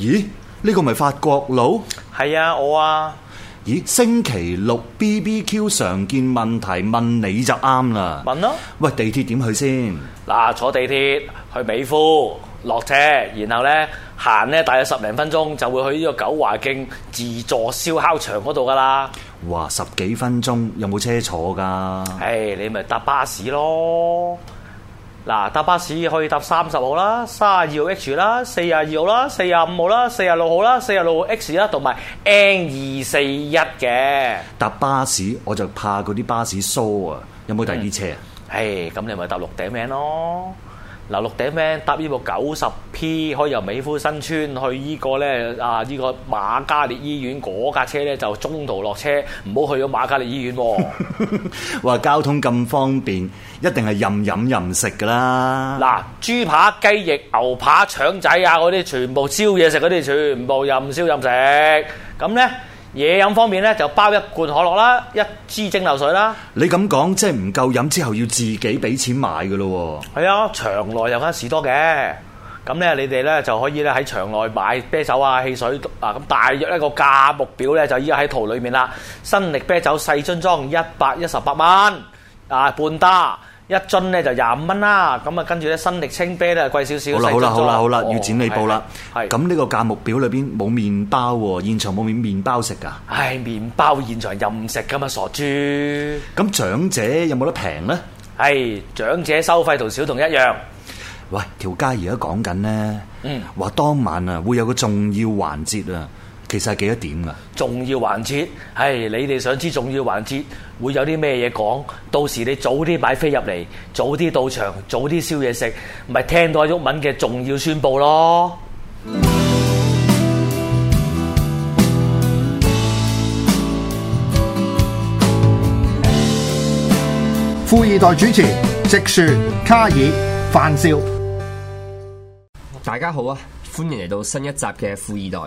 咦？呢個咪法國佬？係啊，我啊。咦？星期六 BBQ 常見問題問你就啱啦。問咯？喂，地鐵點去先？嗱，坐地鐵去美孚落車，然後呢，行呢大約十零分鐘就會去呢個九華徑自助燒烤場嗰度噶啦。哇！十幾分鐘有冇車坐㗎？唉，你咪搭巴士咯。嗱，搭巴士可以搭三十號啦，卅二號 H 啦，四十二號啦，四十五號啦，四十六號啦，四十六號 X 啦，同埋 N 二四一嘅。搭巴士我就怕嗰啲巴士疏啊，有冇第二啲車啊？唉、嗯，咁、哎、你咪搭六頂名咯。嗱，六頂帽搭呢部九十 P 可以由美孚新村去個呢個咧啊，依、呢個瑪嘉烈醫院嗰架車咧就中途落車，唔好去咗瑪嘉烈醫院喎、啊。話 交通咁方便，一定係任飲任，任食噶啦。嗱，豬扒、雞翼、牛扒、腸仔啊，嗰啲全部燒嘢食，嗰啲全部任燒任食，咁咧。嘢飲方面咧，就包一罐可樂啦，一支蒸餾水啦。你咁講，即係唔夠飲之後要自己俾錢買噶咯？係啊，場內有間士多嘅，咁咧你哋咧就可以咧喺場內買啤酒啊、汽水啊。咁大約一個價目表咧，就依家喺圖裏面啦。新力啤酒細樽裝一百一十八蚊啊，半打。一樽咧就廿五蚊啦，咁啊跟住咧生力清啤咧貴少少。好啦吧好啦好啦好啦，哦、要剪理報啦。咁呢是個價目表裏邊冇麵包喎，現場冇麵麵包食噶。唉、哎，麵包現場任食噶嘛傻豬。咁長者有冇得平咧？係長者收費同小童一樣。喂，條街而家講緊咧，話當晚啊會有個重要環節啊。其實係幾多點噶、啊？重要環節，係、哎、你哋想知重要環節會有啲咩嘢講？到時你早啲買飛入嚟，早啲到場，早啲燒嘢食，咪聽到阿鬱敏嘅重要宣佈咯！富易袋主持直樹、卡爾、范少，大家好啊！歡迎嚟到新一集嘅富易袋。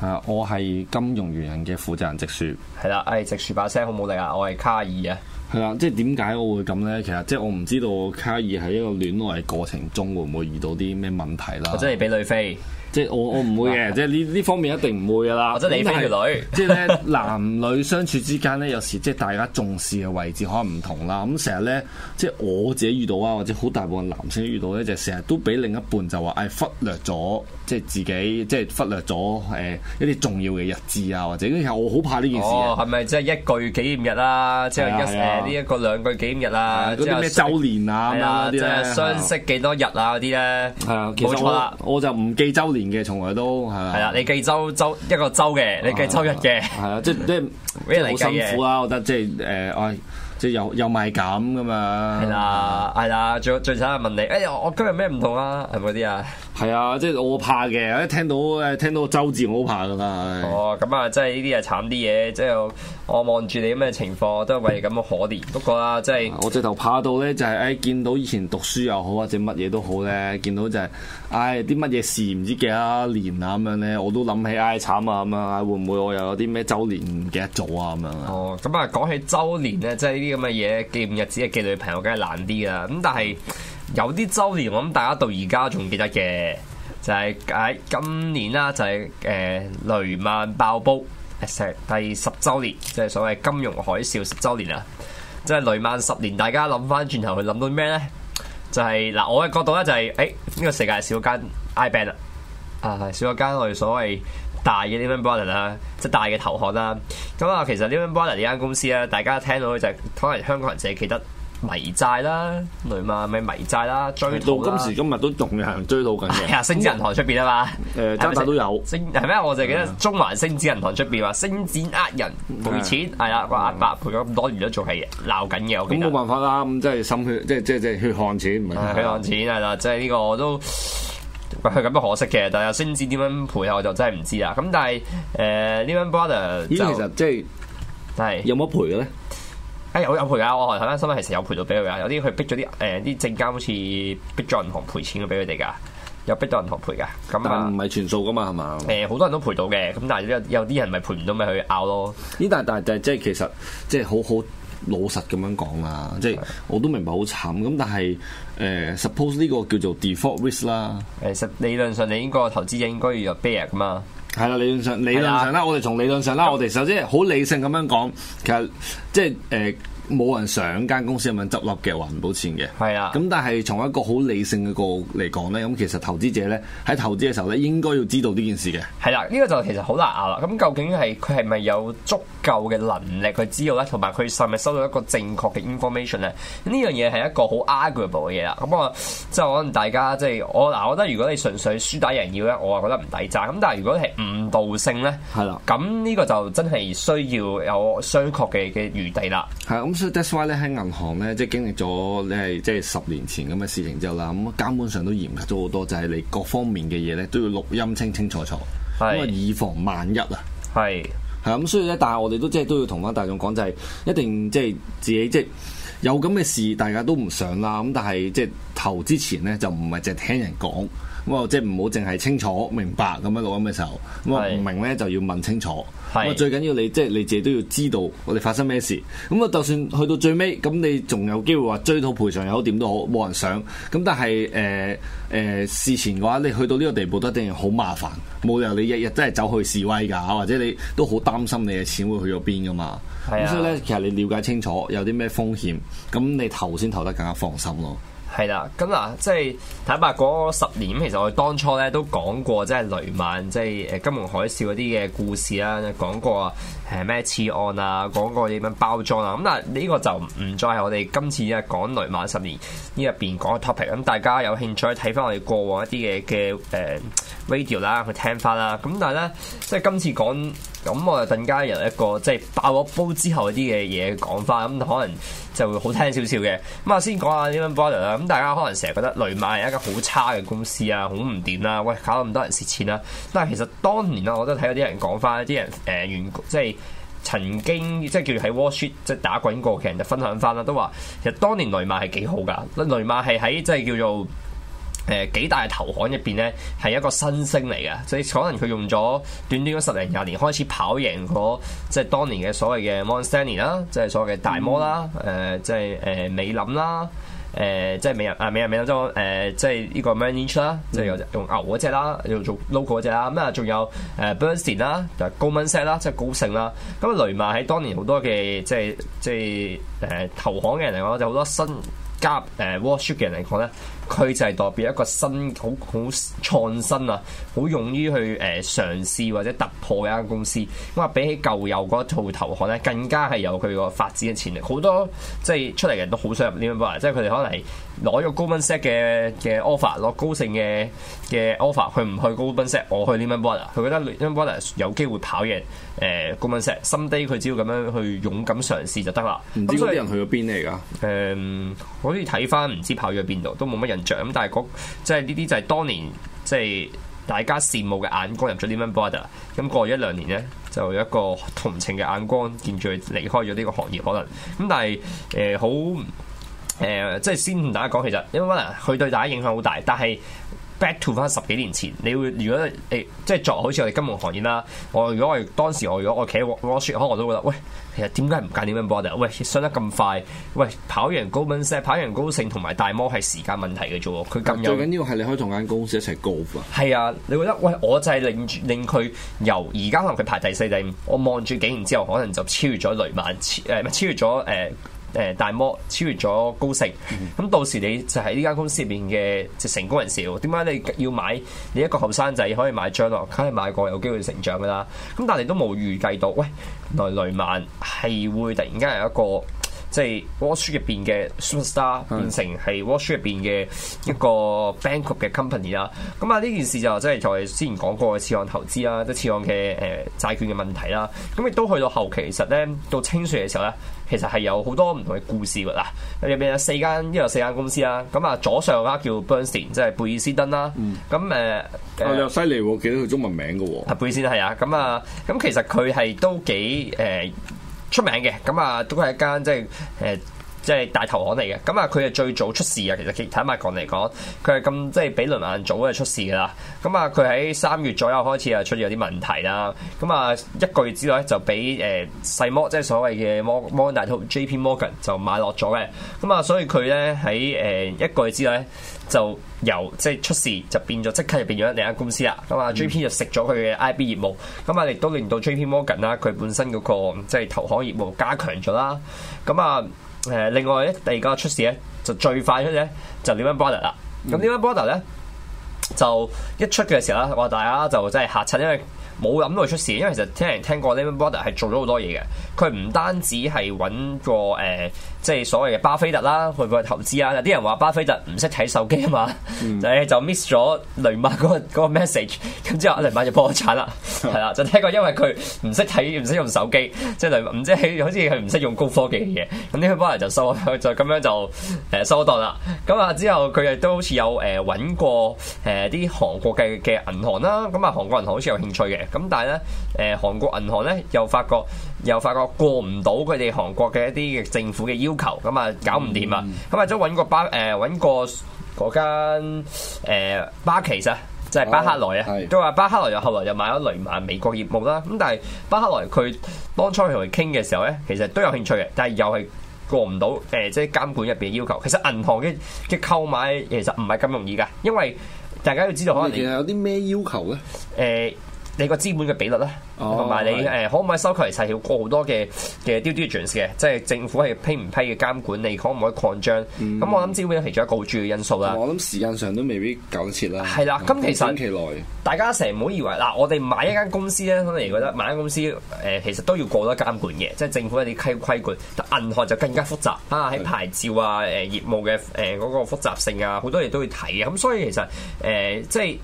係啊，我係金融原人嘅負責人直樹。係啦，誒，直樹把聲好冇力啊！我係卡爾啊。係啦，即係點解我會咁咧？其實即係我唔知道卡爾喺一個戀愛過程中會唔會遇到啲咩問題啦。即係俾女飛，即係我我唔會嘅， 即係呢呢方面一定唔會噶啦。或者你飛女， 即係咧男女相處之間咧，有時即係大家重視嘅位置可能唔同啦。咁成日咧，即係我自己遇到啊，或者好大部分男性遇到咧，就成日都俾另一半就話誒忽略咗。即係自己，即係忽略咗誒一啲重要嘅日子啊，或者啲我好怕呢件事。哦，係咪即係一個月紀念日啦？即係一誒呢一個兩個紀念日啊？嗰啲咩周年啊？咩嗰啲咧？即係相識幾多日啊？嗰啲咧？係啊，其實我我就唔記周年嘅，從來都係啊。係啊，你記周週一個周嘅，你記周日嘅。係啊，即係即係好辛苦啊！我覺得即係誒。即係又又咪咁噶嘛？係啦，係啦，最最慘係問你，哎、欸，呀，我今日咩唔同啊？係咪啲啊？係啊，即係我怕嘅，一聽到誒聽到周字我好怕噶啦。哦，咁、嗯、啊，即係呢啲係慘啲嘢，即係我望住你咁嘅情況，都係為咁可憐。不過啊，即係我直頭怕到咧、就是，就係誒見到以前讀書又好，或者乜嘢都好咧，見到就係、是，哎，啲乜嘢事唔知幾多年啊咁樣咧，我都諗起哎慘啊咁啊，會唔會我又有啲咩周年唔記得做啊咁樣哦，咁啊講起周年咧，即係。啲咁嘅嘢記唔日子，記女朋友梗係難啲啦。咁但係有啲周年，我諗大家到而家仲記得嘅，就係、是、喺今年啦，就係誒雷曼爆煲第十周年，即係所謂金融海嘯十周年啦。即係雷曼十年，大家諗翻轉頭，去諗到咩呢？就係、是、嗱，我嘅角度呢、就係，就係誒呢個世界少咗間 I Ban 啦，啊少咗間我哋所謂。大嘅 Lehman Brothers 啦，即係大嘅投行啦。咁啊，其實 Lehman Brothers 呢間公司咧，大家聽到佢就可、是、能香港人自己記得迷債啦，雷曼咪迷債啦，追到今時今日都仲有人追到緊嘅。 星展銀行出邊啊嘛？誒、嗯，真仙都有。星係咩？我就記得中環星展銀行出邊話星展呃人賠錢，係啦的，個阿伯賠咗咁多年都仲係鬧緊嘅。咁冇辦法啦，咁真係心血，即係即係即係血汗錢。嗯、血汗錢係啦、嗯嗯，即係呢、這個、個我都。唔係咁不可惜嘅，但係先知點樣賠啊！我就真係唔知啦。咁但係誒呢班 brother 其實即係係有冇賠嘅咧？誒我、哎、有，有賠㗎，我頭先新聞係成有賠到俾佢㗎，有啲佢逼咗啲誒啲證監好似逼咗銀行賠錢㗎俾佢哋㗎，有逼到銀行賠㗎。咁但唔係全數㗎嘛係嘛？誒好、呃、多人都賠到嘅，咁但係有啲人咪賠唔到咪去拗咯？呢但係但係即係其實即係、就是就是、好好老實咁樣講啦，即、就、係、是、我都明白好慘咁，但係。誒、uh，suppose 呢個叫做 default risk 啦。誒，實理論上你應該投資者應該要有 bear 噶嘛。係啦，理論上，理論上啦，uh, 我哋從理論上啦，uh, 我哋首先好、uh, 理性咁樣講，其實即係誒。就是冇人上間公司入面執笠嘅還唔到錢嘅，係啊的。咁但係從一個好理性嘅角度嚟講咧，咁其實投資者咧喺投資嘅時候咧，應該要知道呢件事嘅。係啦，呢、這個就其實好難啊。咁究竟係佢係咪有足夠嘅能力去知道咧，同埋佢係咪收到一個正確嘅 information 咧？呢樣嘢係一個好 arguable 嘅嘢啦。咁我即係可能大家即係我嗱，就是、我覺得如果你純粹輸打贏要咧，我話覺得唔抵爭。咁但係如果係誤導性咧，係啦的。咁呢個就真係需要有商榷嘅嘅餘地啦。係咁。所以、so、that's why 咧喺銀行咧即係經歷咗你係即係十年前咁嘅事情之後啦，咁監管上都嚴格咗好多，就係、是、你各方面嘅嘢咧都要錄音清清楚楚，因為是以防萬一啊。係係咁，所以咧，但係我哋都即係都要同翻大眾講，就係一定即係自己即係有咁嘅事，大家都唔想啦。咁但係即係投資前咧，就唔係淨係聽人講。我即係唔好淨係清楚明白咁樣錄音嘅時候，咁啊唔明咧就要問清楚。咁是最緊要你即係、就是、你自己都要知道我哋發生咩事。咁啊就算去到最尾，咁你仲有機會話追討賠償有點都好，冇人想。咁但係誒誒事前嘅話，你去到呢個地步都一定好麻煩，冇理由你日日真係走去示威噶，或者你都好擔心你嘅錢會去咗邊噶嘛。咁、啊、所以咧，其實你了解清楚有啲咩風險，咁你投先投得更加放心咯。係啦，咁嗱，即係坦白嗰十年，其實我哋當初咧都講過，即係雷曼，即係誒金融海嘯啲嘅故事啦，講過誒咩次案啊，講過點樣包裝啊，咁但係，呢個就唔再係我哋今次一講雷曼十年呢入邊講嘅 topic，咁大家有興趣睇翻我哋過往一啲嘅嘅誒 radio 啦，去聽翻啦，咁但係咧，即係今次講咁我就更加由一個即係爆咗煲之後啲嘅嘢講翻，咁可能。就會好聽少少嘅咁啊！先講下啲 bonder 啦，咁大家可能成日覺得雷曼係一家好差嘅公司啊，好唔掂啦，喂，搞咁多人蝕錢啦。但係其實當年啊，我都睇有啲人講翻，啲人誒原、呃、即係曾經即係叫喺 Wall Street 即係打滾過嘅人就分享翻啦，都話其實當年雷曼係幾好㗎，雷曼係喺即係叫做。誒、呃、幾大投行入邊咧，係一個新星嚟嘅，所以可能佢用咗短短十零廿年開始跑贏嗰、那個、即係當年嘅所謂嘅 Morgan Stanley 啦，即係所謂嘅大摩啦，誒、嗯呃、即係誒美林啦，誒、呃、即係美林啊美林美、呃、啦，嗯、即係即係呢個 Manage 啦，即係用牛嗰隻啦，又做 Lago 嗰隻啦，咩仲有誒 Bernstein 啦、就高、是、Goldman Set 啦，即係高盛啦。咁雷曼喺當年好多嘅即係即係誒、呃、投行嘅人嚟講，就好多新加入 Wall Street 嘅人嚟講咧。佢就係代表一個新好好創新啊，好勇於去誒嘗試或者突破一間公司。咁啊，比起舊有嗰套投行咧，更加係有佢個發展嘅潛力。好多即係出嚟嘅人都好想入 Lehman Brothers，即係佢哋可能係攞咗 Goldman Sachs 嘅嘅 offer，攞高盛嘅嘅 offer，佢唔去 Goldman Sachs 我去 Lehman Brothers 佢覺得 Lehman Brothers 有機會跑贏誒 Goldman Sachs someday 佢只要咁樣去勇敢嘗試就得啦。咁知所以人去咗邊嚟㗎？誒、呃、我好似睇翻唔知跑咗去邊度，都冇乜咁，但係嗰即係呢啲就係當年即係大家羨慕嘅眼光入咗呢班 brother，咁過咗一兩年咧就有一個同情嘅眼光見住佢離開咗呢個行業，可能咁，但係誒好誒，即係、呃、呃、先同大家講，其實因為可能佢對大家影響好大，但係。back to 翻十幾年前，你會如果誒、欸、即係作好似我哋金融行業啦，我如果我當時我如果我企喺 watch sheet 可能我都覺得，喂，其實點解唔揀點樣 border？喂，上得咁快，喂，跑完高盛跑完高盛同埋大摩係時間問題嘅啫喎，佢咁。最緊要係你可以同間公司一齊 go 啊。係啊，你覺得，喂，我就係令令佢由而家可能佢排第四第五，我望住幾年之後，可能就超越咗雷曼，超誒、呃、超越咗誒。呃誒大摩超越咗高盛，咁到時你就喺呢間公司入邊嘅成功人士，點解你要買？你一個後生仔可以買 j u n g 梗係買過有機會成長噶啦。咁但係你都冇預計到，喂，來雷曼係會突然間有一個即係 w a l l s t r e e t 入邊嘅 Superstar 變成係 w a l l s t r e e t 入邊嘅一個 b a n k r u p 嘅 Company 啦。咁啊，呢件事就即係就係之前講過嘅次按投資啦，都次按嘅誒債券嘅問題啦。咁、啊、亦都去到後期，其實咧到清算嘅時候咧。其實係有好多唔同嘅故事㗎嗱，入面有四間，呢度四間公司啦。咁啊，左上啦叫 Bunston，即係貝爾斯登啦。咁誒、嗯，嗯、啊又犀利喎，記得佢中文名嘅喎。係貝爾斯登，係啊，咁、嗯、啊，咁其實佢係都幾誒、呃、出名嘅，咁、嗯、啊都係一間即係誒。呃即係大投行嚟嘅，咁啊佢係最早出事啊，其實其坦白講嚟講，佢係咁即係比雷曼早就出事啦。咁啊佢喺三月左右開始啊出現咗啲問題啦。咁啊一個月之內就俾誒、呃、細摩，即係所謂嘅摩摩根大通 J P Morgan 就買落咗嘅。咁啊所以佢咧喺誒一個月之內就由即係出事就變咗即刻入變咗另一間公司啦。咁啊 J P 就食咗佢嘅 I B 業務。咁啊亦都令到 J P Morgan 啦佢本身嗰、嗰個即係投行業務加強咗啦。咁啊誒，另外咧，第二個出事咧，就最快出咧，就 Lehman Brothers 啦。咁 Lehman Brothers 咧，就一出嘅時候咧，我話大家就真係嚇親，因為冇諗到佢出事，因為其實聽人聽過 Lehman Brothers 係做咗好多嘢嘅，佢唔單止係揾個誒，呃即係所謂嘅巴菲特啦，去去投資啦、啊。有啲人話巴菲特唔識睇手機啊嘛，嗯、 就 miss 咗雷曼嗰個 message，咁之後雷曼就破產啦，係啦， 就聽過因為佢唔識睇唔識用手機，即係唔知好似佢唔識用高科技嘅嘢，咁呢個波就收就咁樣就誒收檔啦。咁啊之後佢亦都好似有誒揾過誒啲韓國嘅嘅銀行啦，咁啊韓國銀行好似有興趣嘅，咁但係咧誒韓國銀行咧又發覺又發覺過唔到佢哋韓國嘅一啲嘅政府嘅要求。求咁啊，搞唔掂啊！咁啊，都揾個巴誒揾個嗰間巴其，啊，即係巴克萊啊，哦、都話巴克萊又後來又買咗雷曼美國業務啦。咁但係巴克萊佢當初同佢傾嘅時候咧，其實都有興趣嘅，但係又係過唔到誒，即、呃、係、即係、監管入邊嘅要求。其實銀行嘅嘅購買其實唔係咁容易噶，因為大家要知道可能其實有啲咩要求咧誒。呃你個資本嘅比率咧，同埋、oh、你誒是的 可唔可以收購嚟其實要過好多嘅嘅 due diligence 嘅，即係政府係批唔批嘅監管，你可唔可以擴張？咁、嗯、我諗資本有其中一個好主要因素啦。我諗時間上都未必夠切啦。係啦，咁其實大家成日唔好以為嗱、啊，我哋買一間公司咧，咁你覺得買間公司誒、呃、其實都要過多監管嘅，即係政府有啲規規管，但銀行就更加複雜是的 啊，喺牌照啊、誒、呃、業務嘅誒嗰個複雜性啊，好多嘢都要睇嘅。咁所以其實誒、呃、即係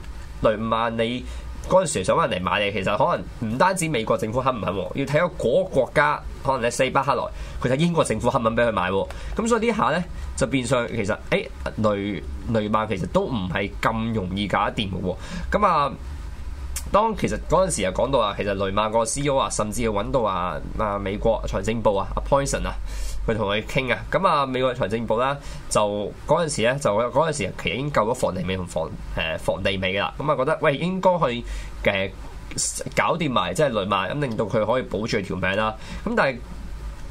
雷曼你。.嗰陣時想搵人嚟買你，其實可能唔單止美國政府肯唔肯，要睇下嗰個國家，可能你巴克萊，佢睇英國政府肯唔肯俾佢買喎。咁所以呢下呢，就變相其實，誒、欸、雷雷曼其實都唔係咁容易搞得掂喎。咁啊，當其實嗰陣時又講到啊，其實雷曼個 CEO 啊，甚至要揾到啊啊美國財政部啊，阿 Paulson 啊。去同佢傾啊，咁啊美國財政部啦，就嗰陣時咧，就嗰陣時其實已經救咗房地美同房誒、呃、房地美啦，咁、嗯、啊覺得喂應該去誒、呃、搞掂埋即係雷曼，咁令到佢可以保住條命啦。咁、嗯、但係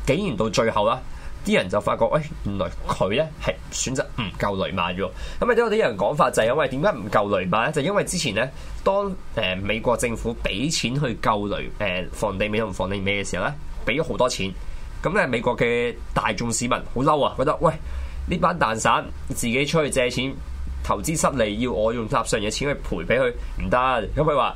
竟然到最後啦，啲人就發覺，喂、哎、原來佢咧係選擇唔救雷曼喎。咁啊都有啲人講法就係因為點解唔救雷曼咧？就是、因為之前咧，當誒、呃、美國政府俾錢去救雷誒、呃、房地美同房地美嘅時候咧，俾咗好多錢。咁咧，美國嘅大眾市民好嬲啊，覺得喂，呢班蛋散自己出去借錢投資失利，要我用集上嘅錢去賠俾佢唔得，咁佢話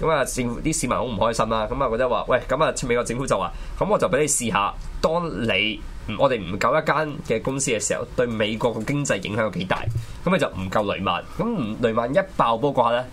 咁啊，政府啲、嗯、市民好唔開心啊！咁啊，覺得話喂咁啊、嗯，美國政府就話咁、嗯，我就俾你試下，當你我哋唔救一間嘅公司嘅時候，對美國嘅經濟影響有幾大？咁、嗯、咪就唔救雷曼，咁、嗯，雷曼一爆煲嗰下咧。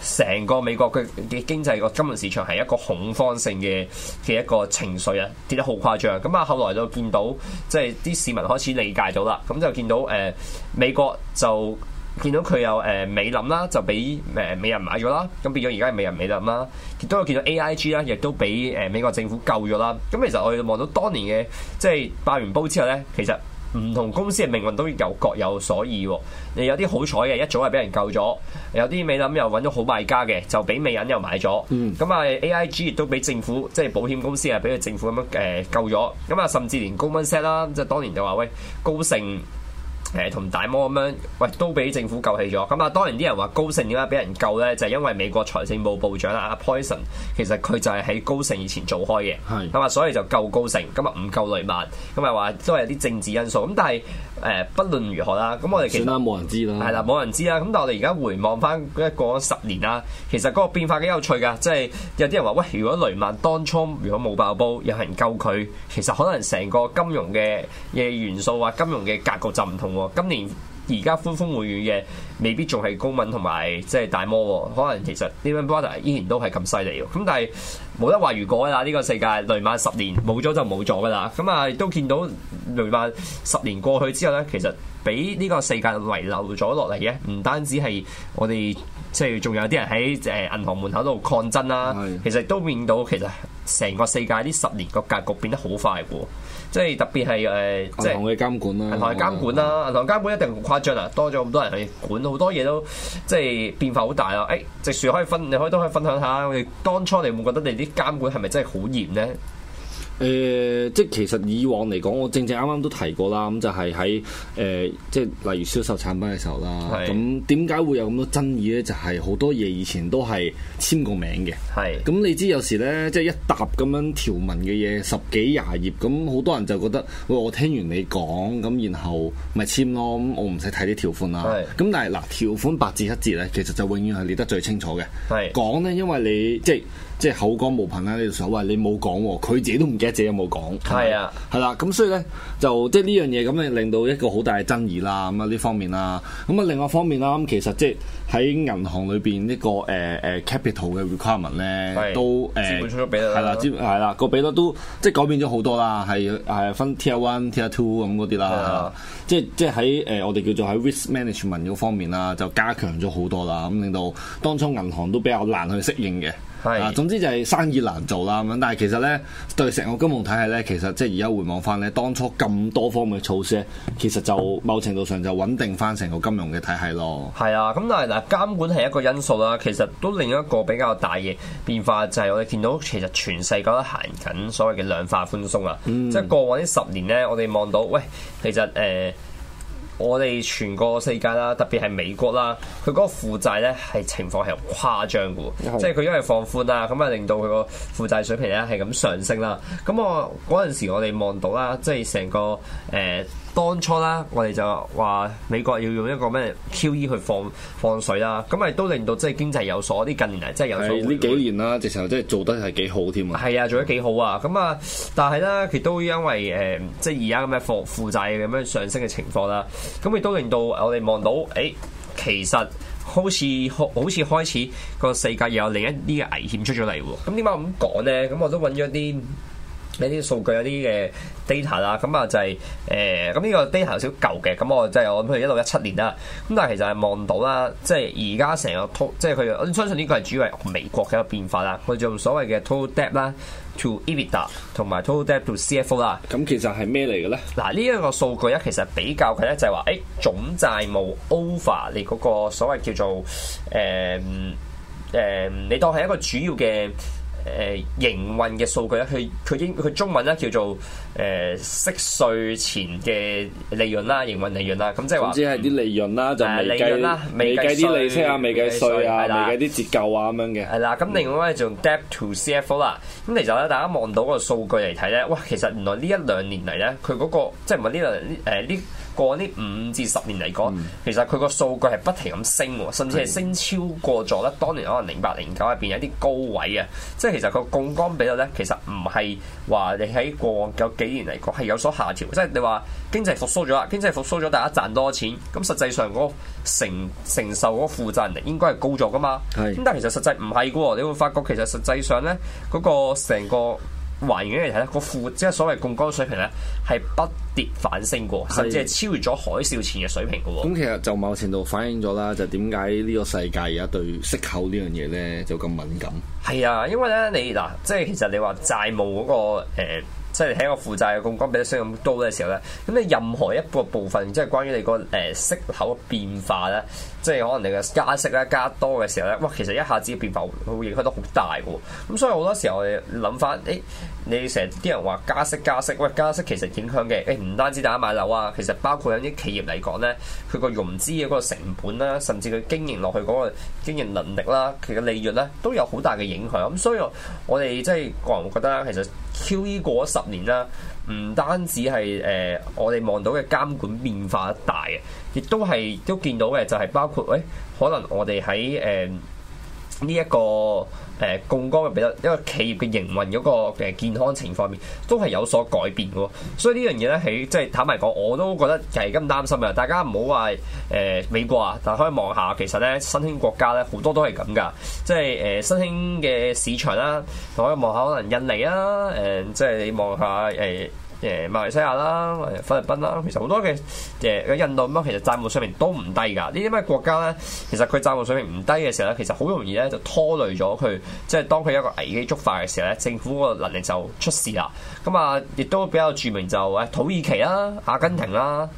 成個美國嘅嘅經濟個金融市場係一個恐慌性嘅嘅一個情緒啊，跌得好誇張。咁啊，後來就見到即係啲市民開始理解到啦，咁就見到誒美國就見到佢有誒美林啦，就俾誒美人買咗啦，咁變咗而家係美人美林啦。亦都見到 AIG 啦，亦都俾誒美國政府救咗啦。咁其實我哋望到當年嘅即係爆完煲之後咧，其實。唔同公司嘅命運都有各有所異喎、哦，你有啲好彩嘅一早係俾人救咗，有啲美林又揾咗好賣家嘅就俾美銀又買咗。咁啊 AIG 亦都俾政府即係保險公司啊俾佢政府咁樣誒救咗，咁啊甚至連高溫 set 啦，即係當年就話喂高盛，誒同大摩咁樣，喂都俾政府救起咗。咁啊，當然啲人話高盛點解俾人救咧？就係因為美國財政部部長阿 Poison，其實佢就係喺高盛以前做開嘅，係咁啊，所以就救高盛，咁啊唔救雷曼，咁啊話都係有啲政治因素。咁但係。誒、呃，不論如何啦，咁我哋其實算啦，冇人知啦，係啦，冇人知啦。咁但係我哋而家回望翻一過咗十年啦，其實嗰個變化幾有趣㗎。即係有啲人話喂，如果雷曼當初如果冇爆煲，有人救佢，其實可能成個金融嘅嘢元素或金融嘅格局就唔同喎。今年。而家呼風喚雨嘅未必仲係高敏同埋即係大摩，可能其實 Lehman Brothers 依然都係咁犀利喎。咁但係冇得話如果啦，呢個世界雷曼十年冇咗就冇咗㗎啦。咁啊都見到雷曼十年過去之後咧，其實俾呢個世界遺留咗落嚟嘅，唔單止係我哋即係仲有啲人喺誒銀行門口度抗爭啦。是的 其實都見到其實成個世界呢十年個格局變得好快喎。即係特別係誒，即、呃、係銀行嘅監管啦、啊，銀行嘅監管啦、啊，銀行監管一定好誇張啊！多咗咁多人去管，好多嘢都即係變化好大啊！誒、哎，直樹可以分，你可以都可以分享下，我哋當初你會覺得你啲監管係咪真係好嚴咧？誒、呃，即係其實以往嚟講，我正正啱啱都提過啦，咁、嗯、就係喺誒，即係例如銷售產品嘅時候啦。咁點解會有咁多爭議呢？就係、是、好多嘢以前都係簽個名嘅。係咁是的 你知有時呢，即係一沓咁樣條文嘅嘢，十幾廿頁咁，好多人就覺得，喂，我聽完你講咁，然後咪簽咯，咁我唔使睇啲條款啦。咁是的，但係嗱，條款八字一字呢，其實就永遠係列得最清楚嘅。係講呢，因為你即係。即係口講無憑啦，呢條所謂你冇講喎，佢自己都唔記得自己有冇講。係是啊，係啦，咁所以咧就即係呢樣嘢咁，你令到一個好大嘅爭議啦。咁啊呢方面啦，咁啊另外一方面啦，咁其實即係喺銀行裏邊、這個呃、呢個誒誒 capital 嘅 requirement 咧都誒，呃、資本出咗比率係啦，資啦的個比率都即係改變咗好多啦。係係分 T 1, Tier One、Tier Two 咁嗰啲啦，即係即係喺誒我哋叫做喺 risk management 嗰方面啦，就加強咗好多啦。咁令到當初銀行都比較難去適應嘅。係啊，總之就係生意難做啦咁樣，但係其實咧對成個金融體系咧，其實即係而家回望翻咧，當初咁多方面嘅措施咧，其實就某程度上就穩定翻成個金融嘅體系咯。係啊，咁但係嗱，監管係一個因素啦，其實都另一個比較大嘅變化就係我哋見到，其實全世界都行緊所謂嘅量化寬鬆啊，嗯、即係過往呢十年咧，我哋望到，喂，其實誒。呃我哋全個世界啦，特別係美國啦，佢嗰個負債咧係情況係好誇張嘅，即係佢因為放寬啊，咁啊令到佢個負債水平咧係咁上升啦。咁我嗰陣時我哋望到啦，即係成個誒。欸當初啦，我哋就話美國要用一個咩 QE 去放放水啦，咁咪都令到即係經濟有所啲近年嚟，即係有所呢幾年啦、啊，直情即係做得係幾好添啊！係啊，做得幾好啊！咁啊，但係咧，亦都因為誒、呃，即係而家咁嘅負負債嘅咁樣上升嘅情況啦，咁亦都令到我哋望到誒、欸，其實好似好似開始個世界又有另一啲嘅危險出咗嚟喎。咁點解咁講呢？咁我都揾咗啲。呢啲數據、ata，啊就是呃這個、有啲嘅 data 啦，咁啊就係誒咁呢個 data 有少舊嘅，咁我即係我諗佢一六、一七年啦，咁但係其實係望到啦，即係而家成個 t 即係佢我相信呢個係主要係美國嘅一個變化啦，佢做所謂嘅 total debt 啦，to EBITDA 同埋 total debt to, to CFO 啦、嗯。咁其實係咩嚟嘅咧？嗱，呢、這、一個數據咧，其實比較佢咧就係話，誒、哎、總債務 over 你嗰個所謂叫做誒誒、嗯嗯，你當係一個主要嘅。誒、呃、營運嘅數據咧，佢佢英佢中文咧叫做誒、呃、息稅前嘅利潤啦，營運利潤啦，咁即係話，我知係啲利潤啦、啊，就未計未計啲利息啊，未計稅啊，未計啲折舊啊咁樣嘅。係、啊、啦，咁啦另外咧就 debt to CFO 啦。咁其實咧，大家望到個數據嚟睇咧，哇！其實原來呢一兩年嚟咧，佢嗰個即係唔係呢兩年誒呢？過呢五至十年嚟講，嗯、其實佢個數據係不停咁升，甚至係升超過咗咧。當年可能零八零九入邊有啲高位啊，即係其實個槓桿比率咧，其實唔係話你喺過往有幾年嚟講係有所下調。即係你話經濟復甦咗，經濟復甦咗，大家賺多錢，咁實際上嗰承承受嗰個負債能力應該係高咗噶嘛。咁是 但係其實實際唔係噶喎，你會發覺其實實際上咧嗰、嗰個成個。環境嚟睇咧，個負即係所謂槓桿水平咧，係不跌反升過，甚至係超越咗海嘯前嘅水平嘅喎。咁其實就某程度反映咗啦，就點解呢個世界而家對息口呢樣嘢咧就咁敏感？係啊，因為咧你嗱，即係其實你話債務嗰、那個、呃、即係喺個負債嘅槓桿比率升咁高嘅時候咧，咁你任何一個部分，即係關於你個誒息口嘅變化咧。即係可能你嘅加息咧加多嘅時候咧，哇！其實一下子變化會影響都好大嘅、啊。咁所以好多時候我哋諗翻，誒、欸，你成日啲人話加息加息，喂、欸，加息其實影響嘅，誒、欸，唔單止大家買樓啊，其實包括有啲企業嚟講咧，佢個融資嘅嗰個成本啦、啊，甚至佢經營落去嗰個經營能力啦、啊，其實利潤咧都有好大嘅影響。咁所以我哋即係個人會覺得，其實 QE 過咗十年啦、啊，唔單止係誒、呃、我哋望到嘅監管變化大嘅、啊。亦都係都見到嘅，就係、是、包括誒、欸，可能我哋喺誒呢一個誒、呃、槓桿入邊一一個企業嘅營運嗰個健康情況面，都係有所改變嘅。所以呢樣嘢咧，喺即係坦白講，我都覺得就係咁擔心嘅。大家唔好話誒美國啊，但可以望下，其實咧新興國家咧好多都係咁噶。即係誒、呃、新興嘅市場啦，可以望下可能印尼啦，誒、呃、即係你望下誒。呃誒馬來西亞啦，誒菲律賓啦，其實好多嘅誒，印度咁樣，其實債務水平都唔低㗎。呢啲咩國家咧，其實佢債務水平唔低嘅時候咧，其實好容易咧就拖累咗佢，即係當佢一個危機觸發嘅時候咧，政府個能力就出事啦。咁、嗯、啊，亦都比較著名就誒土耳其啦、阿根廷啦。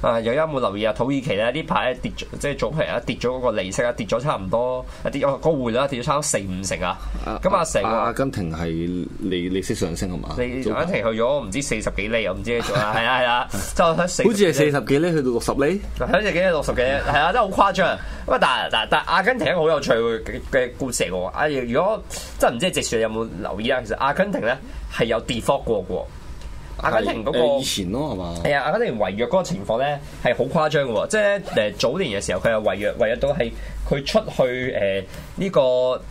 啊！有啲冇留意啊，土耳其咧呢排跌，即係早前啊跌咗嗰個利息啊，跌咗差唔多啊跌哦高匯啦，跌咗、那個、差唔多四五成啊！咁樣啊，成阿根廷係利利息上升係嘛？阿根廷去咗唔知四十幾厘，我唔知你做啦。係啊係啊，就好似係四十幾厘去到六十厘，四十幾到六十幾，係啊，真係好誇張啊！咁但但但，但阿根廷好有趣嘅故事喎。如果，如果真係唔知直説，有冇留意啊？其實阿根廷咧係有跌 e f 過嘅。阿根廷嗰、嗰個、以前咯係嘛？係啊，阿根廷違約嗰個情況咧係好誇張嘅喎，即係誒早年嘅時候佢係違約，違約到係佢出去誒呢、呃這個。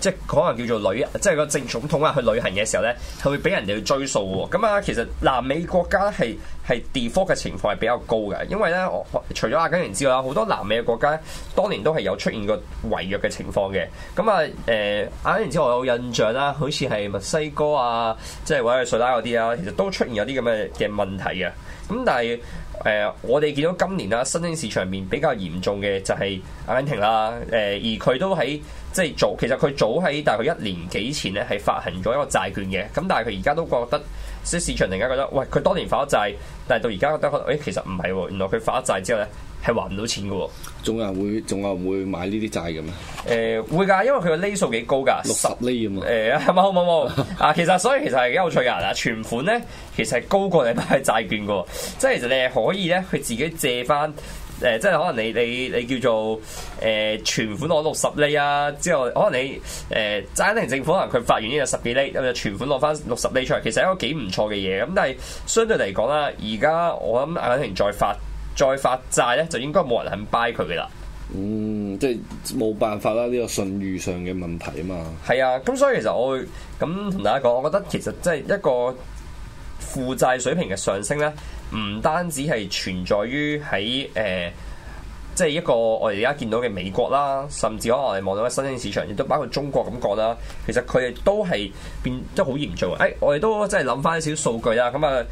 即係可能叫做旅，即係個正總統啊，去旅行嘅時候咧，佢會俾人哋去追訴喎。咁啊，其實南美國家係係 default 嘅情況係比較高嘅，因為咧，我除咗阿根廷之外，有好多南美嘅國家，當年都係有出現過違約嘅情況嘅。咁、嗯、啊，誒、呃，阿根廷之外，我有印象啦，好似係墨西哥啊，即係委內瑞拉嗰啲啊，其實都出現有啲咁嘅嘅問題嘅。咁但係誒、呃，我哋見到今年啦，新興市場面比較嚴重嘅就係阿根廷啦，誒、呃，而佢都喺。即係做，其實佢早喺，大概一年幾前咧係發行咗一個債券嘅。咁但係佢而家都覺得，即市場突然間覺得，喂，佢當年發咗債，但係到而家覺得覺、哎、其實唔係喎，原來佢發咗債之後咧係還唔到錢嘅喎、哦。仲有人會仲有人會買呢啲債嘅咩？誒、呃、會㗎，因為佢嘅厘數幾高㗎，六十釐啊嘛。誒冇冇冇啊！好好 其實所以其實係幾有趣㗎，存款咧其實高過你買債券嘅，即係其實你係可以咧佢自己借翻。誒，即係、呃、可能你你你叫做誒、呃、存款攞六十厘啊，之後可能你誒，阿、呃、根廷政府可能佢發完呢個十幾厘咁就存款攞翻六十厘出嚟，其實係一個幾唔錯嘅嘢咁。但係相對嚟講啦，而家我諗阿根廷再發再發債咧，就應該冇人肯 buy 佢嘅啦。嗯，即係冇辦法啦，呢、這個信譽上嘅問題啊嘛。係啊，咁所以其實我會咁同大家講，我覺得其實即係一個。負債水平嘅上升咧，唔單止係存在於喺誒、呃，即係一個我哋而家見到嘅美國啦，甚至可能我哋望到嘅新興市場，亦都包括中國咁講啦。其實佢哋都係變都好嚴重。誒、哎，我哋都即係諗翻少少數據啦。咁啊，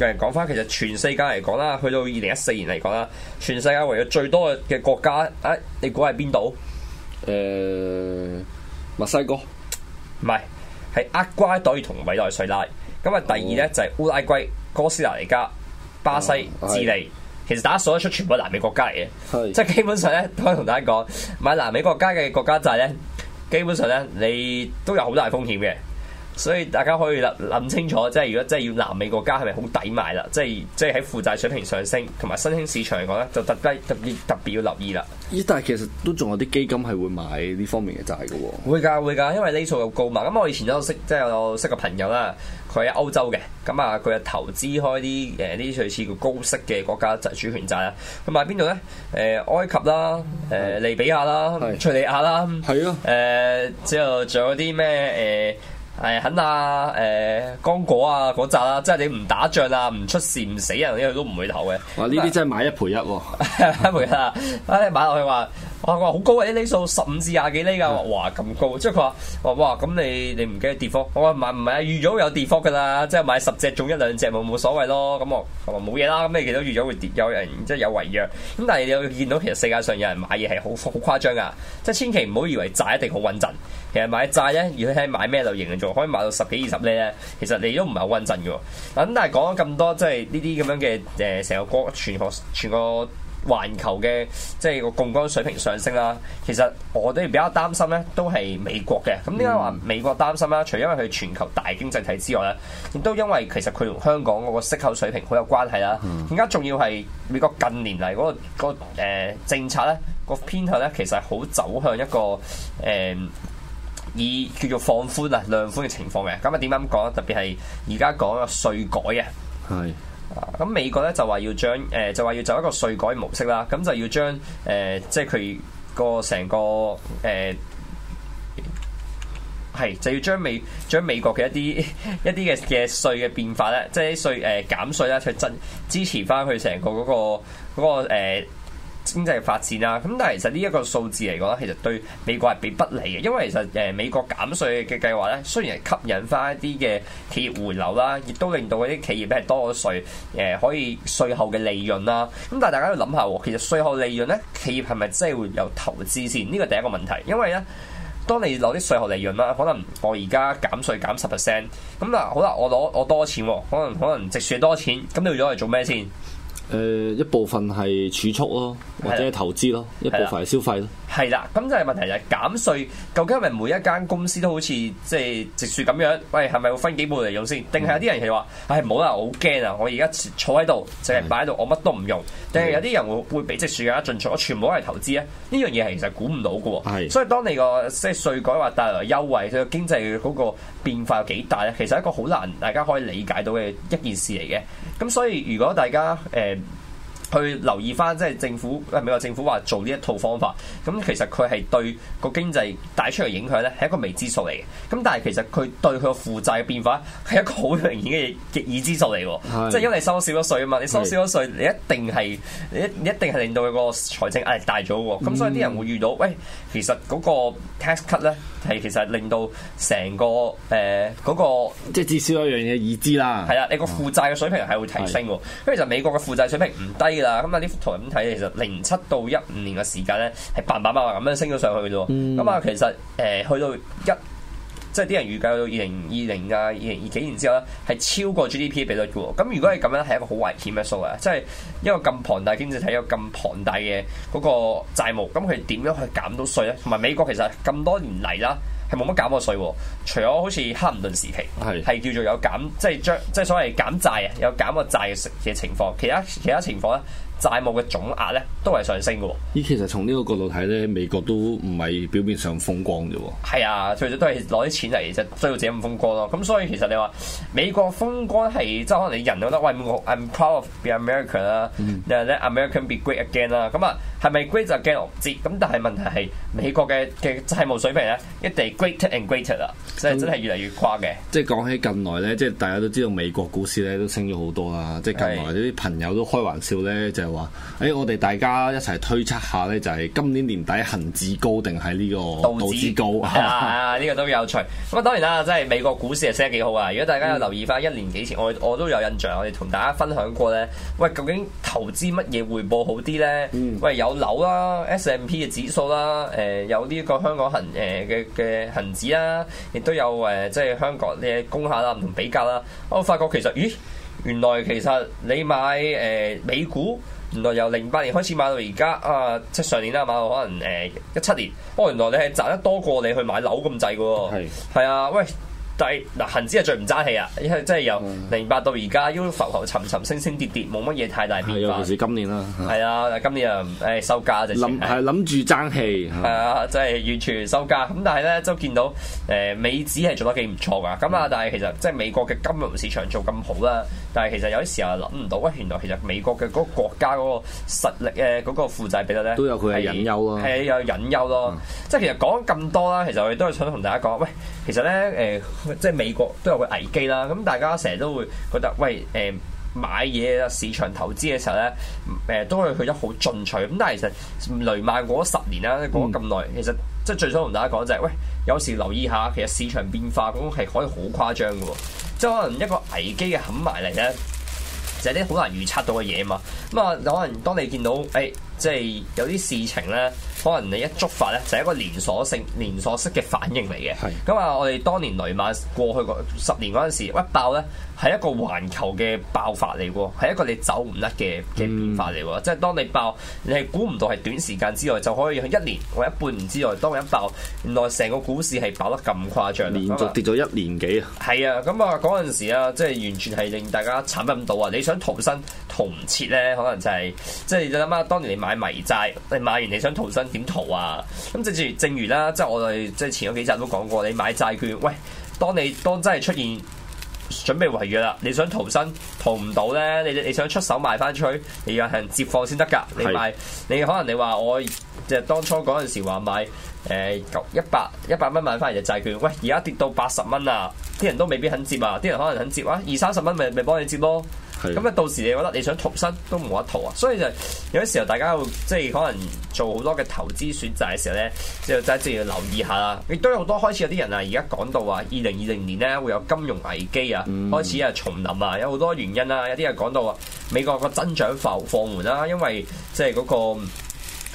有人講翻，其實全世界嚟講啦，去到二零一四年嚟講啦，全世界為咗最多嘅國家，誒、哎，你估係邊度？誒、呃，墨西哥唔係，係厄瓜多同委內瑞拉。咁啊，第二咧就係烏拉圭、哥斯達黎加、巴西、啊、智利，是的 其實大家數得出全部係南美國，國家嚟嘅，是的 即係基本上咧，都可以同大家講買南美國家嘅國家債、就、咧、是，基本上咧你都有好大風險嘅。所以大家可以諗諗清楚，即係如果真係要南美國家係咪好抵買啦？即係即係喺負債水平上升同埋新興市場嚟講咧，就特低特別特別要留意啦。咦？但係其實都仲有啲基金係會買呢方面嘅債嘅喎、哦。會㗎會㗎，因為利數又高嘛。咁、啊、我以前都有識，即係我識個朋友啦，佢喺歐洲嘅。咁啊，佢啊投資開啲呢啲類似叫高息嘅國家債、就係、主權債啊。咁買邊度咧？誒、呃、埃及啦，誒、呃、利比亞啦，敍是利亞啦，係是啊，誒之後仲有啲咩誒？係、哎、肯、呃、啊！誒，剛果啊嗰扎啦，即係你唔打仗啊，唔出事唔死人，佢都唔會投嘅。啊！呢啲真係買一賠一喎、啊 啊，哈一唔該啦，我買落去話。佢話好高啊！啲呢數十五至廿幾呢㗎，哇咁高！即係佢話，哇咁你你唔記得跌幅？我話唔係唔係啊，預咗有跌幅㗎啦！即係買十隻中一兩隻冇冇所謂咯。咁我話冇嘢啦。咁你其實預咗會跌？有人即係有違約。咁但係你又見到其實世界上有人買嘢係好好誇張㗎。即係千祈唔好以為債一定好穩陣。其實買債咧，如果喺買咩類型嘅做，可以買到十幾二十呢咧，其實你都唔係好穩陣嘅。咁但係講咗咁多，即係呢啲咁樣嘅誒，成個全個全個。全個全個全個環球嘅即係個槓桿水平上升啦，其實我哋比較擔心咧，都係美國嘅。咁點解話美國擔心啦？除咗因為佢全球大經濟體之外咧，亦都因為其實佢同香港嗰個息口水平好有關係啦。更加重要係美國近年嚟嗰、嗰個、嗰個誒、呃、政策咧，個偏向咧其實係好走向一個誒、呃，以叫做放寬啊、量寬嘅情況嘅。咁啊點解咁講？特別係而家講個稅改啊，係。咁、嗯、美國咧就話要將誒、呃、就話要走一個稅改模式啦，咁就要將誒、呃、即係佢個成個誒係、呃、就要將美將美國嘅一啲 一啲嘅嘅稅嘅變化咧，即係啲稅誒減稅啦，去增支持翻佢成個嗰、嗰個嗰、嗰個呃經濟發展啦，咁但係其實呢一個數字嚟講，其實對美國係比較不利嘅，因為其實誒美國減稅嘅計劃咧，雖然係吸引翻一啲嘅企業回流啦，亦都令到嗰啲企業咧多咗稅誒可以稅後嘅利潤啦。咁但係大家要諗下喎，其實稅後利潤咧，企業係咪真係會有投資先？呢個第一個問題，因為咧，當你攞啲稅後利潤啦，可能我而家減稅減十 percent，咁嗱好啦，我攞我多錢，可能可能直算多錢，咁你攞嚟做咩先？誒、uh, 一部分係儲蓄咯，或者係投資咯，Yeah. 一部分係消費，yeah. 係啦，咁就係問題就係減稅，究竟係咪每一間公司都好似即係直樹咁樣？喂，係咪會分幾步嚟用先？定係有啲人係話，唉，唔好啦，我好驚啊！我而家坐喺度，淨係擺喺度，我乜都唔用。定係有啲人會會比直樹更加進取，我全部都係投資咧。呢樣嘢係其實估唔到嘅。係，所以當你個即係稅改話帶來優惠，佢個經濟嗰個變化有幾大咧？其實一個好難，大家可以理解到嘅一件事嚟嘅。咁所以如果大家誒、呃去留意翻即係政府，美國政府話做呢一套方法，咁其實佢係對個經濟帶出嚟影響咧，係一個未知數嚟嘅。咁但係其實佢對佢個負債嘅變化係一個好明顯嘅已知數嚟喎，是即係因為你收少咗稅啊嘛，你收少咗稅，你一定係你一定係令到個財政壓力大咗喎。咁是所以啲人會遇到，喂，其實個 tax cut 咧係其實令到成個誒、呃嗰個即係至少有一樣嘢已知啦。係啦，你個負債嘅水平係會提升嘅，跟住就美國嘅負債水平唔低。啦，咁啊呢幅圖點睇？其實零七到一五年嘅時間咧，係慢慢慢咁樣升咗上去嘅啫。咁啊，其實誒去到一，即係啲人預計去到二零二零啊、二零二幾年之後咧，係超過 GDP 比率嘅喎。咁如果係咁樣，係一個好危險嘅數啊！即係一個咁龐大經濟體，一個咁龐大嘅嗰個債務，咁佢點樣去減到稅咧？同埋美國其實咁多年嚟啦。係冇乜減過稅喎，除咗好似克林頓時期，係係是叫做有減，即係將即係所謂減債啊，有減過債嘅情情況，其他其他情況咧，債務嘅總額咧都係上升嘅。哦。咦，其實從呢個角度睇咧，美國都唔係表面上風光啫喎。係啊，最多都係攞啲錢嚟，其實追到自己咁風光咯。咁所以其實你話美國風光係即係可能你人覺得喂美、哎、國，I'm proud of be American 啦、嗯，然後咧 American be great again 啦，咁啊。係咪 graded 嘅？是是 great er、我唔知。咁但係問題係美國嘅嘅債務水平咧，一定 great and great 啊，即係真係越嚟越誇嘅。即係講起近來咧，即係大家都知道美國股市咧都升咗好多啦。即係近來啲朋友都開玩笑咧，就係、是、話：誒的、哎、我哋大家一齊推測下咧，就係、是、今年年底恒指高定係呢個道指高道指 啊？呢、這個都有趣。咁啊當然啦，即係美國股市係升得幾好啊！如果大家有留意返一，、嗯、一年幾前，我我都有印象，我哋同大家分享過咧。喂，究竟投資乜嘢回報好啲咧？喂有樓啦，S M P 嘅指數啦，誒、呃、有呢個香港恒誒嘅嘅恆指啦，亦都有誒即係香港嘅工廈啦，唔同比價啦。我發覺其實，咦，原來其實你買誒、呃、美股，原來由零八年開始買到而家啊，即係上年啦，買到可能誒一七年。哦，原來你係賺得多過你去買樓咁滯嘅喎。係是。係啊，喂。嗱，恆指係最唔爭氣啊！真係由零八到而家，都浮浮沉沉、升升跌跌，冇乜嘢太大變化。尤其是今年啦，係啊，今年啊，誒收價就算係諗住爭氣，係啊，即係完全收價。咁但係咧，就見到誒美指係做得幾唔錯㗎。咁啊，但係其實即係美國嘅金融市場做咁好啦，但係其實有啲時候諗唔到，喂，原來其實美國嘅嗰個國家嗰個實力誒，嗰個負債比例咧都有佢隱憂咯，係有隱憂咯。即係、嗯、其實講咁多啦，其實我哋都係想同大家講，喂，其實咧誒。呃即係美國都有個危機啦，咁大家成日都會覺得，喂，誒、欸、買嘢啊，市場投資嘅時候咧，誒、欸、都會去得好進取。咁但係其實雷曼過咗十年啦，過咗咁耐，嗯、其實即係最初同大家講就係、是，喂，有時留意下，其實市場變化咁係可以好誇張嘅，即係可能一個危機嘅冚埋嚟咧，就啲、是、好難預測到嘅嘢嘛。咁啊，可能當你見到，誒、欸，即係有啲事情咧。可能你一觸發咧，就係、是、一個連鎖性、連鎖式嘅反應嚟嘅。咁啊是、嗯，我哋當年雷曼過去十年嗰陣時，一爆咧係一個環球嘅爆發嚟喎，係一個你走唔甩嘅嘅變化嚟喎。即係當你爆，你係估唔到係短時間之內就可以喺一年或一半年之內當日一爆，原來成個股市係爆得咁誇張，連續跌咗一年幾吧 啊！係啊，咁啊嗰陣時啊，即係完全係令大家慘不忍睹啊！你想逃生？逃唔切咧，可能就係、是、即係諗下當年你買迷債，你買完你想逃生點逃啊？咁正如正如啦，即係我哋即係前嗰幾集都講過，你買債券，喂，當你當真係出現準備違約啦，你想逃生逃唔到咧，你你想出手賣翻出去，你又有人接貨先得噶。是你買，你可能你話我即係當初嗰陣時話買誒一百一百蚊買翻嚟隻債券，喂，而家跌到八十蚊啊，啲人都未必肯接啊，啲人可能肯接啊，二三十蚊咪咪幫你接咯。咁啊，到時你覺得你想逃生都冇得逃啊！所以就有啲時候，大家會即係可能做好多嘅投資選擇嘅時候咧，就即係要留意下啦。亦都有好多開始有啲人啊，而家講到話二零二零年咧會有金融危機啊，嗯、開始啊重臨啊，有好多原因啦。有啲人講到啊，美國個增長浮放緩啦，因為即係嗰、嗰個。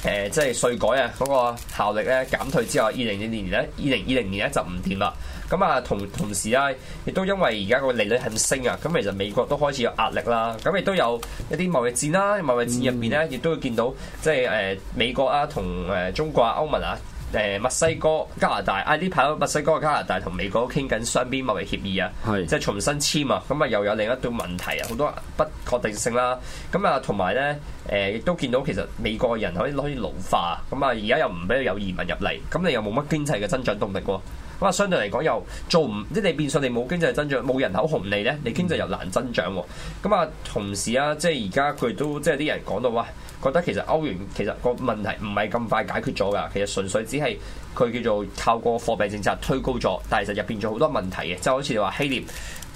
誒、呃、即係稅改啊，嗰、那個效力咧減退之後，二零二零年咧，二零二零年咧就唔掂啦。咁啊同同時啊，亦都因為而家個利率很升啊，咁、嗯嗯、其實美國都開始有壓力啦。咁亦都有一啲貿易戰啦，貿易戰入邊咧，亦都會見到即係誒、呃、美國啊同誒中國、啊、歐盟啊。誒墨、嗯、西哥、加拿大，啊呢排墨西哥、加拿大同美國傾緊雙邊貿易協議啊，是即係重新簽啊，咁、嗯、啊又有另一堆問題啊，好多不確定性啦、啊，咁啊同埋咧誒亦都見到其實美國人可以攞啲老化，咁啊而家又唔俾有移民入嚟，咁、嗯、你又冇乜經濟嘅增長動力喎、啊。咁啊，相對嚟講又做唔，即你變相你冇經濟增長，冇人口紅利咧，你經濟又難增長喎、哦。咁啊，同時啊，即係而家佢都即係啲人講到話，覺得其實歐元其實個問題唔係咁快解決咗㗎。其實純粹只係佢叫做透過貨幣政策推高咗，但係其實入邊仲好多問題嘅，就好似你話希臘，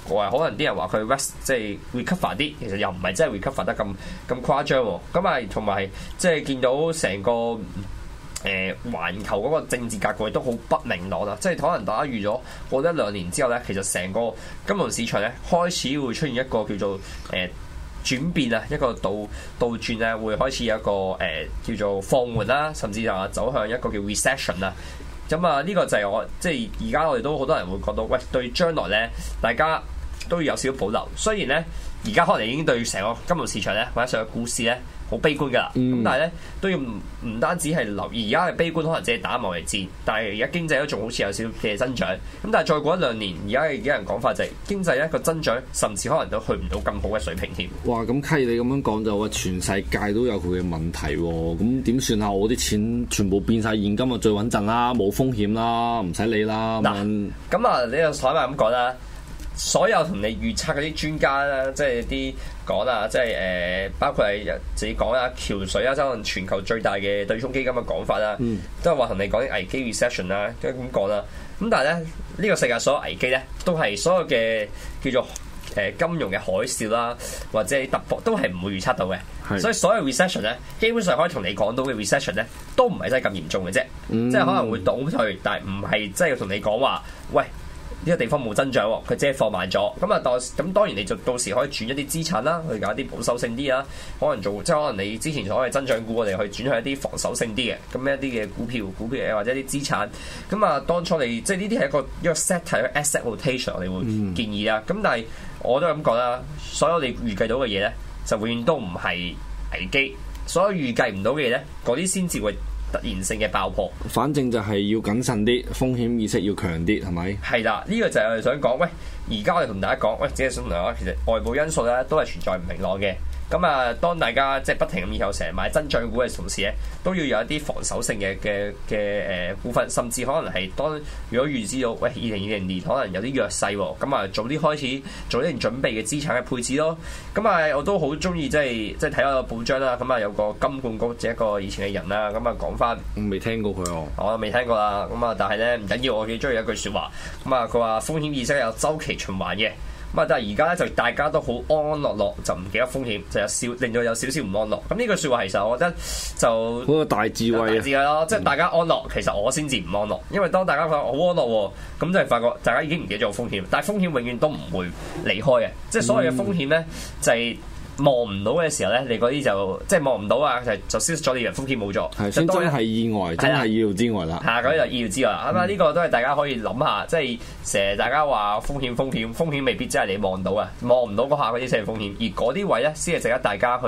或可能啲人話佢 rest 即係 recover 啲，其實又唔係真係 recover 得咁咁誇張、哦。咁啊，同埋即係見到成個。誒，環、呃、球嗰個政治格局都好不明朗啦，即係可能大家預咗過一兩年之後咧，其實成個金融市場咧開始會出現一個叫做誒、呃、轉變啊，一個倒倒轉咧，會開始有一個誒、呃、叫做放緩啦，甚至就走向一個叫 recession 啦。咁啊，呢個就係我即係而家我哋都好多人會覺得喂，對將來咧，大家都要有少少保留。雖然咧，而家可能已經對成個金融市場咧或者成個股市咧。好悲觀噶，咁但係咧都要唔唔單止係留意，而家嘅悲觀可能只係打貿易戰，但係而家經濟都仲好似有少少嘅增長，咁但係再過一兩年，而家嘅人講法就係經濟一個增長，甚至可能都去唔到咁好嘅水平添。哇！咁契你咁樣講就話全世界都有佢嘅問題喎，咁點算啊？我啲錢全部變晒現金啊，最穩陣啦，冇風險啦，唔使理啦。嗱，咁啊，你又睇埋咁講啦，所有同你預測嗰啲專家咧，即係啲。講啊，即係誒、呃，包括係自己講啊，橋水啊，將全球最大嘅對沖基金嘅講法啦、啊，嗯、都係話同你講啲危機 recession 啦、啊，咁講啦、啊。咁但係咧，呢、呢個世界所有危機咧，都係所有嘅叫做誒、呃、金融嘅海嘯啦、啊，或者係突破，都係唔會預測到嘅。是 所以所有 recession 咧，基本上可以同你講到嘅 recession 咧，都唔係真係咁嚴重嘅啫，嗯、即係可能會倒退，但係唔係真係要同你講話，喂。呢個地方冇增長，佢即係放慢咗。咁、嗯、啊，當咁當然你就到時可以轉一啲資產啦，去搞啲保守性啲啊。可能做即係可能你之前所謂增長股，我哋去轉向一啲防守性啲嘅咁一啲嘅股票、股票或者一啲資產。咁、嗯、啊，當初你即係呢啲係一個一個 set asset rotation，我哋會建議啦。咁、嗯、但係我都係咁講啦，所有你預計到嘅嘢咧，就永遠都唔係危機。所有預計唔到嘅嘢咧，嗰啲先至會。突然性嘅爆破，反正就係要謹慎啲，風險意識要強啲，係咪？係啦，呢個就係我哋想講，喂，而家我哋同大家講，喂，只係想同其實外部因素咧都係存在唔明朗嘅。咁啊，當大家即係不停咁以後成日買增長股嘅同時咧，都要有一啲防守性嘅嘅嘅誒股份，甚至可能係當如果預知到喂二零二零年可能有啲弱勢喎，咁、哦、啊早啲開始早啲準備嘅資產嘅配置咯。咁、哦、啊，我都好中意即係即係睇下報章啦。咁、嗯、啊，有個金管局，即一個以前嘅人啦。咁、嗯、啊，講翻，未聽過佢哦，哦。我未聽過啦。咁、嗯、啊，但係咧唔緊要我，我幾中意一句説話。咁、嗯、啊，佢話風險意識有周期循環嘅。唔，但係而家咧，就大家都好安安樂樂，就唔記得風險，就有少令到有少少唔安樂。咁呢句説話其實，我覺得就嗰個大智慧嘅智慧囉，即係大家安樂，其實我先至唔安樂。因為當大家發覺好安樂喎、哦，咁就係發覺大家已經唔記得有風險，但係風險永遠都唔會離開嘅。即係所謂嘅風險咧，嗯、就係、是。望唔到嘅時候咧，你嗰啲就即係望唔到啊，就就消失咗你人風險冇咗，所以當係意外，真係意料之外啦。吓、啊、嗰啲、啊、就意料之外，咁啊，呢個都係大家可以諗下，即係成日大家話風險風險風險未必真係你望到啊，望唔到嗰下嗰啲先係風險，而嗰啲位咧先係值得大家去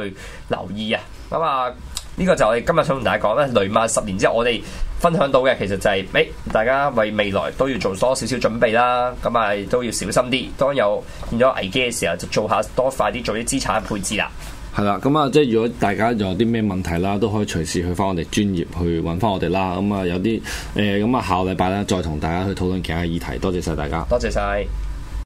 留意、嗯、啊，咁啊。呢個就係我哋今日想同大家講咧，雷曼十年之後，我哋分享到嘅其實就係，誒，大家為未來都要做多少少準備啦，咁啊都要小心啲。當有變咗危機嘅時候，就做下多快啲做啲資產配置啦。係啦，咁啊，即係如果大家仲有啲咩問題啦，都可以隨時去翻我哋專業去揾翻我哋啦。咁啊，有啲誒，咁啊下個禮拜啦，再同大家去討論其他議題。多謝晒大家，多謝晒。